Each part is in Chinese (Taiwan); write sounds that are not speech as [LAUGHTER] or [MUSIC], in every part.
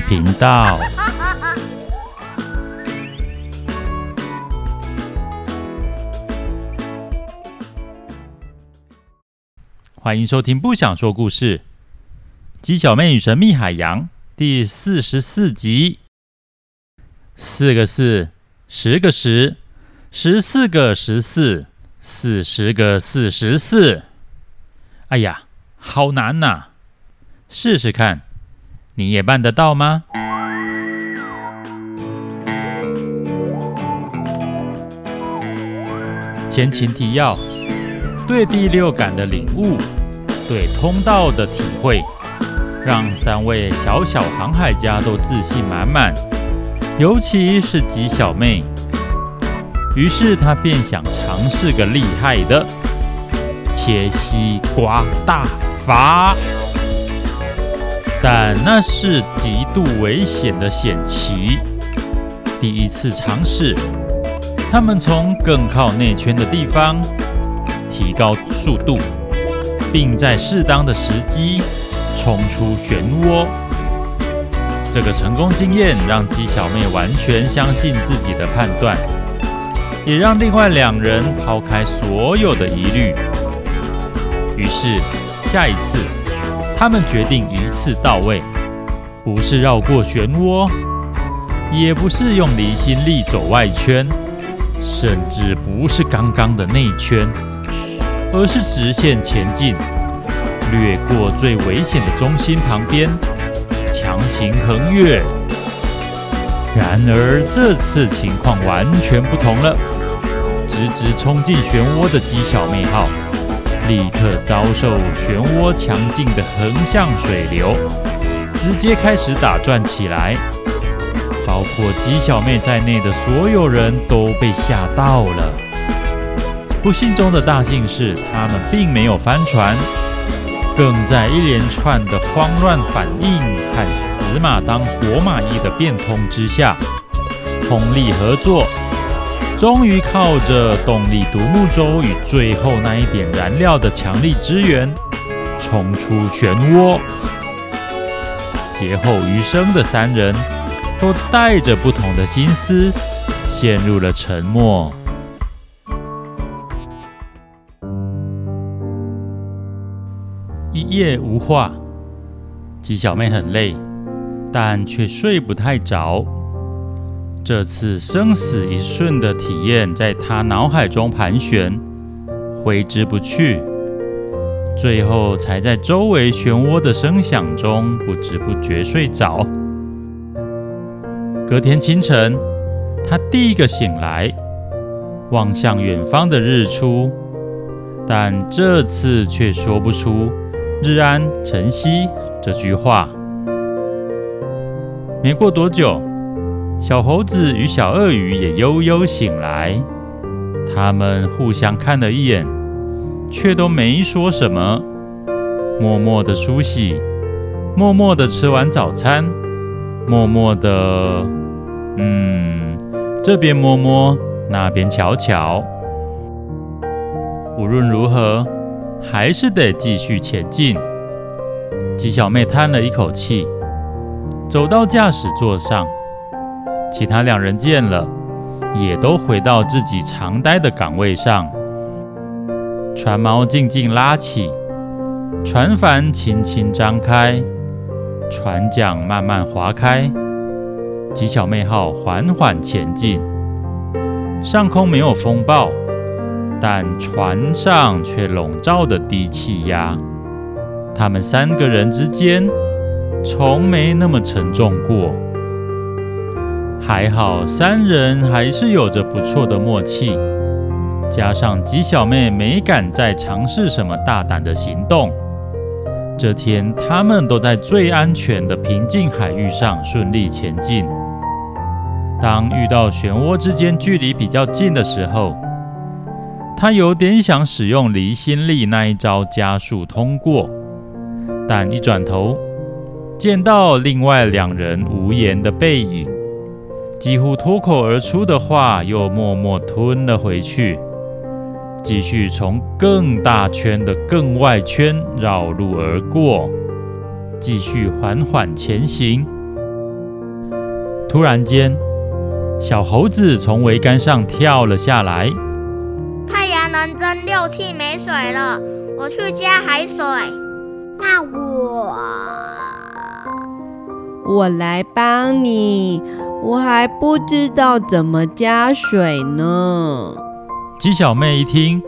頻道， [LAUGHS] 歡迎收聽《不想說故事》雞小妹與神秘海洋第四十四集。四個四，十個十，十四個十四，四十個四十四。哎呀，好難吶、啊！試試看。你也辦得到嗎？前情提要：對第六感的領悟，對通道的體會，讓三位小小航海家都自信滿滿，尤其是雞小妹。於是她便想嘗試個厲害的——切西瓜大法。但那是極度危險的險棋。第一次嘗試，他們從更靠內圈的地方提高速度，並在適當的時機衝出漩渦。這個成功經驗讓雞小妹完全相信自己的判斷，也讓另外兩人拋開所有的疑慮。於是，下一次。他們決定一次到位，不是繞過漩渦，也不是用離心力走外圈，甚至不是剛剛的內圈，而是直線前進，掠過最危險的中心旁邊，強行橫越。然而這次情況完全不同了，直直衝進漩渦的雞小妹號。立刻遭受漩渦強勁的橫向水流，直接開始打轉起來。包括雞小妹在內的所有人都被嚇到了。不幸中的大幸是，他們並沒有翻船，更在一連串的慌亂反應和死馬當活馬醫的變通之下，通力合作。終於靠着動力獨木舟與最後那一點燃料的強力支援，衝出漩渦。劫後餘生的三人都帶着不同的心思，陷入了沉默。一夜無話，雞小妹很累，但卻睡不太着。這次生死一瞬的體驗在他腦海中盤旋，揮之不去，最後才在周圍漩渦的聲響中不知不覺睡着。隔天清晨，他第一個醒來，望向遠方的日出，但這次卻說不出“日安晨曦”這句話。沒過多久。小猴子與小鱷魚也悠悠醒來，他們互相看了一眼，卻都沒說什麼，默默的梳洗，默默的吃完早餐，默默的嗯，這邊摸摸，那邊瞧瞧。無論如何，還是得繼續前進。雞小妹嘆了一口氣，走到駕駛座上。其他兩人見了，也都回到自己常待的崗位上。船錨靜靜拉起，船帆輕輕張開，船槳慢慢划開，雞小妹號緩緩前進。上空沒有風暴，但船上卻籠罩著低氣壓。他們三個人之間，從沒那麼沉重過。還好，三人還是有着不錯的默契，加上雞小妹沒敢再嘗試什麼大膽的行動。這天，他們都在最安全的平靜海域上順利前進。當遇到漩渦之間距離比較近的時候，他有點想使用離心力那一招加速通過，但一轉頭，見到另外兩人無言的背影。幾乎脫口而出的話，又默默吞了回去，繼續從更大圈的更外圈繞路而過，繼續緩緩前行。突然間，小猴子從桅杆上跳了下來：“太陽能蒸餾器沒水了，我去加海水。”“那我……我來幫你。”我還不知道怎麼加水呢。雞小妹一聽，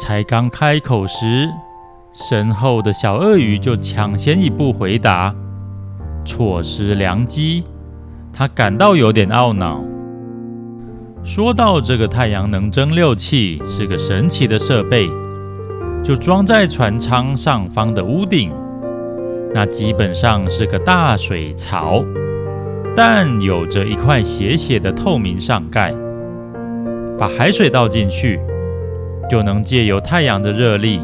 才剛開口時，身後的小鱷魚就搶先一步回答，錯失良機，她感到有點懊惱。說到這個太陽能蒸餾器是個神奇的設備，就裝在船艙上方的屋頂，那基本上是個大水槽。但有着一塊斜斜的透明上蓋，把海水倒進去，就能借由太陽的熱力，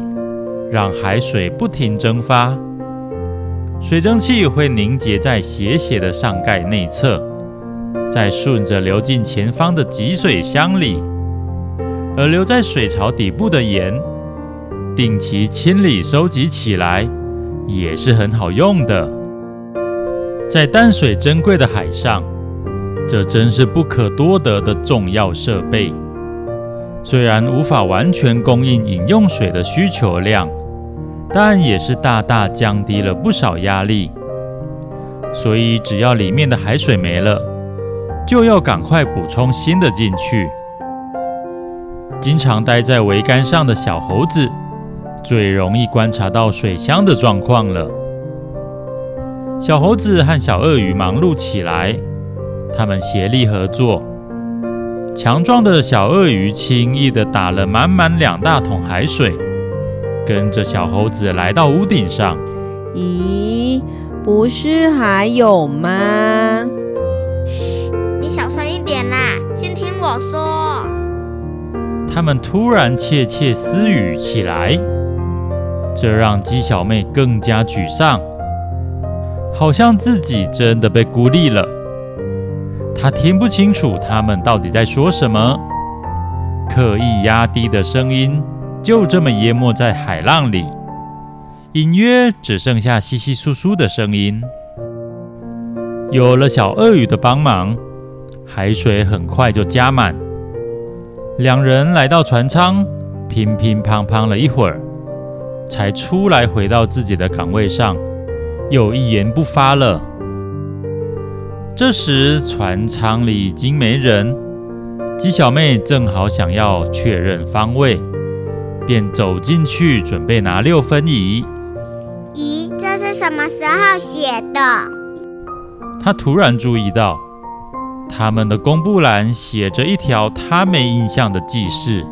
讓海水不停蒸發，水蒸氣會凝結在斜斜的上蓋內側，再順着流進前方的集水箱裡，而留在水槽底部的鹽，定期清理收集起來，也是很好用的。在淡水珍貴的海上，這真是不可多得的重要設備。雖然無法完全供應飲用水的需求量，但也是大大降低了不少壓力。所以，只要裡面的海水沒了，就要趕快補充新的進去。經常待在桅杆上的小猴子，最容易觀察到水箱的狀況了。小猴子和小鱷魚忙碌起來，他們協力合作。強壯的小鱷魚輕易地打了滿滿兩大桶海水，跟着小猴子來到屋頂上。咦，不是還有嗎？噓，你小聲一點啦，先聽我說。他們突然竊竊私語起來，這讓雞小妹更加沮喪。好像自己真的被孤立了。他聽不清楚他們到底在說什麼，刻意壓低的聲音就這麼淹沒在海浪裡，隱約只剩下稀稀疏疏的聲音。有了小鱷魚的幫忙，海水很快就加滿。兩人來到船艙，乒乒乓乓乓了一會兒，才出來回到自己的崗位上。又一言不發了。這時，船艙裡已經沒人。雞小妹正好想要確認方位，便走進去準備拿六分儀。咦，這是什麼時候寫的？她突然注意到，他們的公布欄寫着一條她沒印象的記事：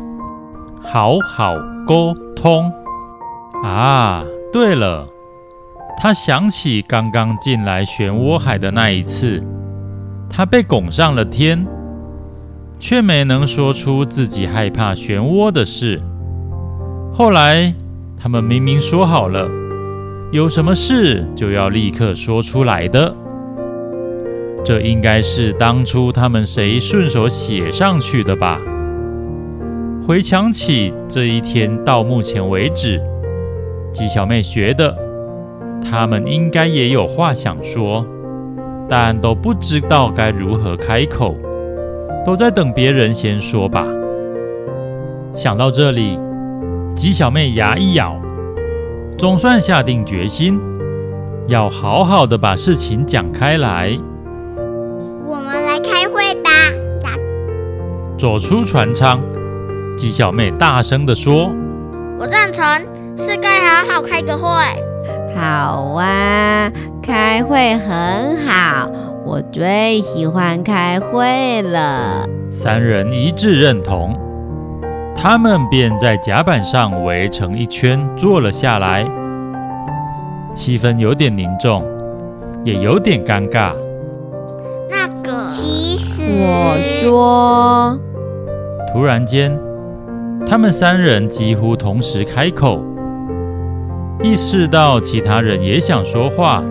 好好溝通。啊，對了。他想起剛剛進來漩渦海的那一次，他被拱上了天，卻沒能說出自己害怕漩渦的事。後來他們明明說好了，有什麼事就要立刻說出來的，這應該是當初他們誰順手寫上去的吧？回想起這一天到目前為止，雞小妹覺得。他們應該也有話想說，但都不知道該如何開口，都在等別人先說吧。想到這裡，雞小妹牙一咬，總算下定決心，要好好的把事情講開來。我們來開會吧！走出船艙，雞小妹大聲地說：“我贊成，是該好好開個會。”好哇，開會很好，我最喜歡開會了。三人一致認同，他們便在甲板上圍成一圈坐了下來，氣氛有點凝重，也有點尷尬。那個，其實我說，突然間，他們三人幾乎同時開口。意識到其他人也想說話，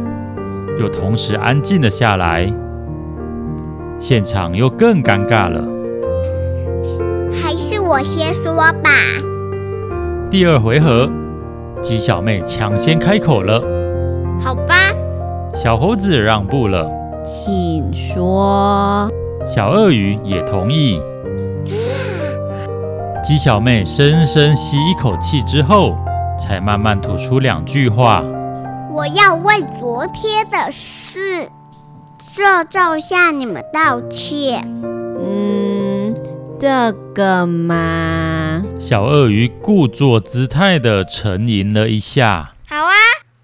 又同時安靜了下來，現場又更尷尬了。還是我先說吧。第二回合，雞小妹搶先開口了。好吧。小猴子讓步了。請說。小鱷魚也同意。雞 [COUGHS] 小妹深深吸一口氣之後。才慢慢吐出兩句話：“我要為昨天的事，這就向你們道歉。”嗯，這個嘛，小鱷魚故作姿態的沉吟了一下：“好啊，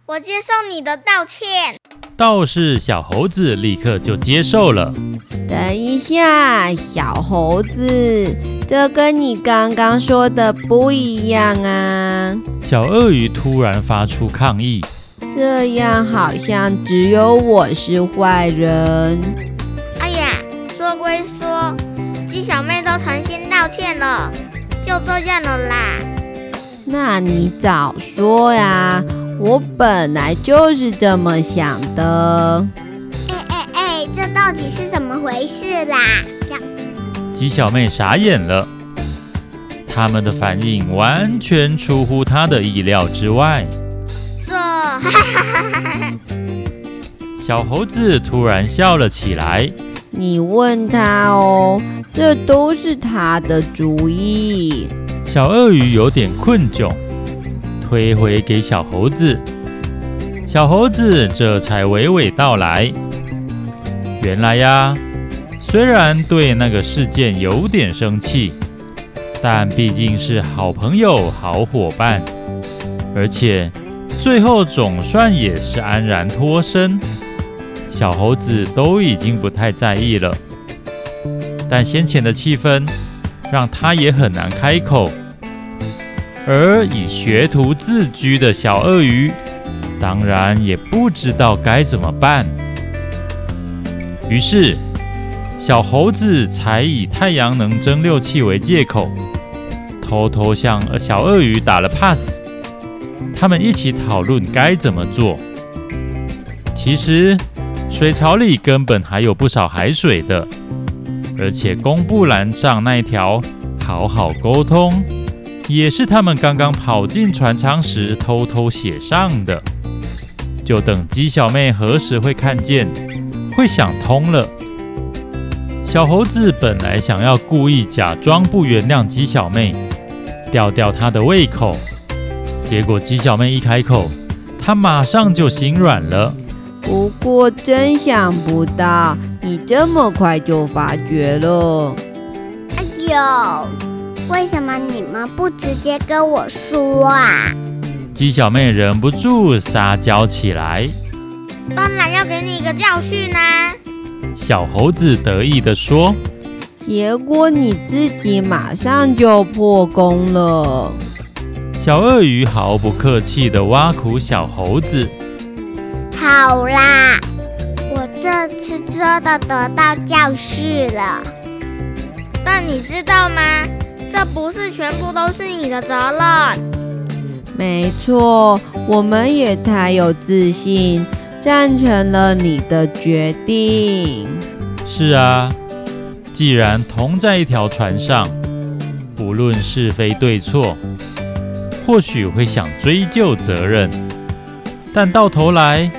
我接受你的道歉。”倒是小猴子立刻就接受了。等一下，小猴子，這跟你剛剛說的不一樣啊！小鱷魚突然發出抗議，這樣好像只有我是壞人。哎、哦、呀，說歸說，雞小妹都誠心道歉了，就這樣了啦。那你早說呀、啊！我本來就是這麼想的。哎哎哎，這到底是怎麼回事啦？雞小妹傻眼了，他們的反應完全出乎她的意料之外。這，哈哈哈哈哈哈！小猴子突然笑了起來。你問他哦，這都是他的主意。小鱷魚有點困窘。推回給小猴子，小猴子這才娓娓道來。原來呀，雖然對那個事件有點生氣，但畢竟是好朋友、好夥伴，而且最後總算也是安然脫身，小猴子都已經不太在意了。但先前的氣氛讓他也很難開口。而以學徒自居的小鱷魚，當然也不知道該怎麼辦。於是，小猴子才以太陽能蒸餾器為借口，偷偷向小鱷魚打了 pass。他們一起討論該怎麼做。其實，水槽裡根本還有不少海水的，而且公布欄上那一條“好好溝通”。也是他們剛剛跑進船艙時偷偷寫上的，就等雞小妹何時會看見，會想通了。小猴子本來想要故意假裝不原諒雞小妹，吊吊她的胃口，結果雞小妹一開口，他馬上就心軟了。不過真想不到你這麼快就發覺了。哎喲為什麼你們不直接跟我說啊？雞小妹忍不住撒嬌起來。當然要給你一個教訓啦！小猴子得意地說。結果你自己馬上就破功了。小鱷魚毫不客氣地挖苦小猴子。好啦，我這次真的得到教訓了。那你知道嗎？這不是全部都是你的責任。沒錯，我們也太有自信，贊成了你的決定。是啊，既然同在一條船上，不論是非對錯，或許會想追究責任，但到頭來，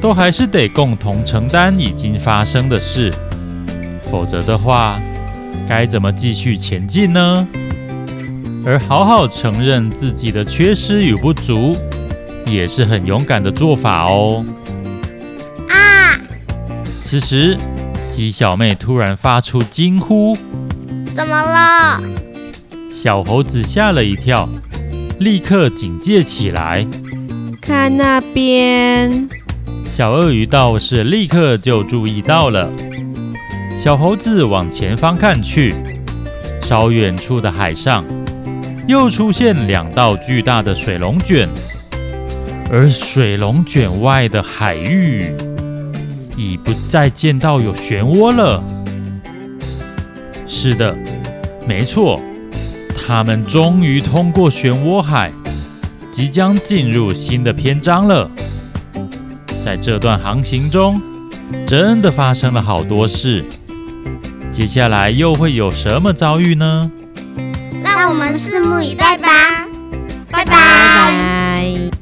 都還是得共同承擔已經發生的事，否則的話。該怎麼繼續前進呢？而好好承認自己的缺失與不足，也是很勇敢的做法哦。啊！此時，雞小妹突然發出驚呼：“怎麼了？”小猴子嚇了一跳，立刻警戒起來。看那邊！小鱷魚倒是立刻就注意到了。小猴子往前方看去，稍遠處的海上又出現兩道巨大的水龍捲，而水龍捲外的海域已不再見到有漩渦了。是的，沒錯，他們終於通過漩渦海，即將進入新的篇章了。在這段航行中，真的發生了好多事。接下來又會有什麼遭遇呢？讓我們拭目以待吧！拜拜。拜拜拜拜。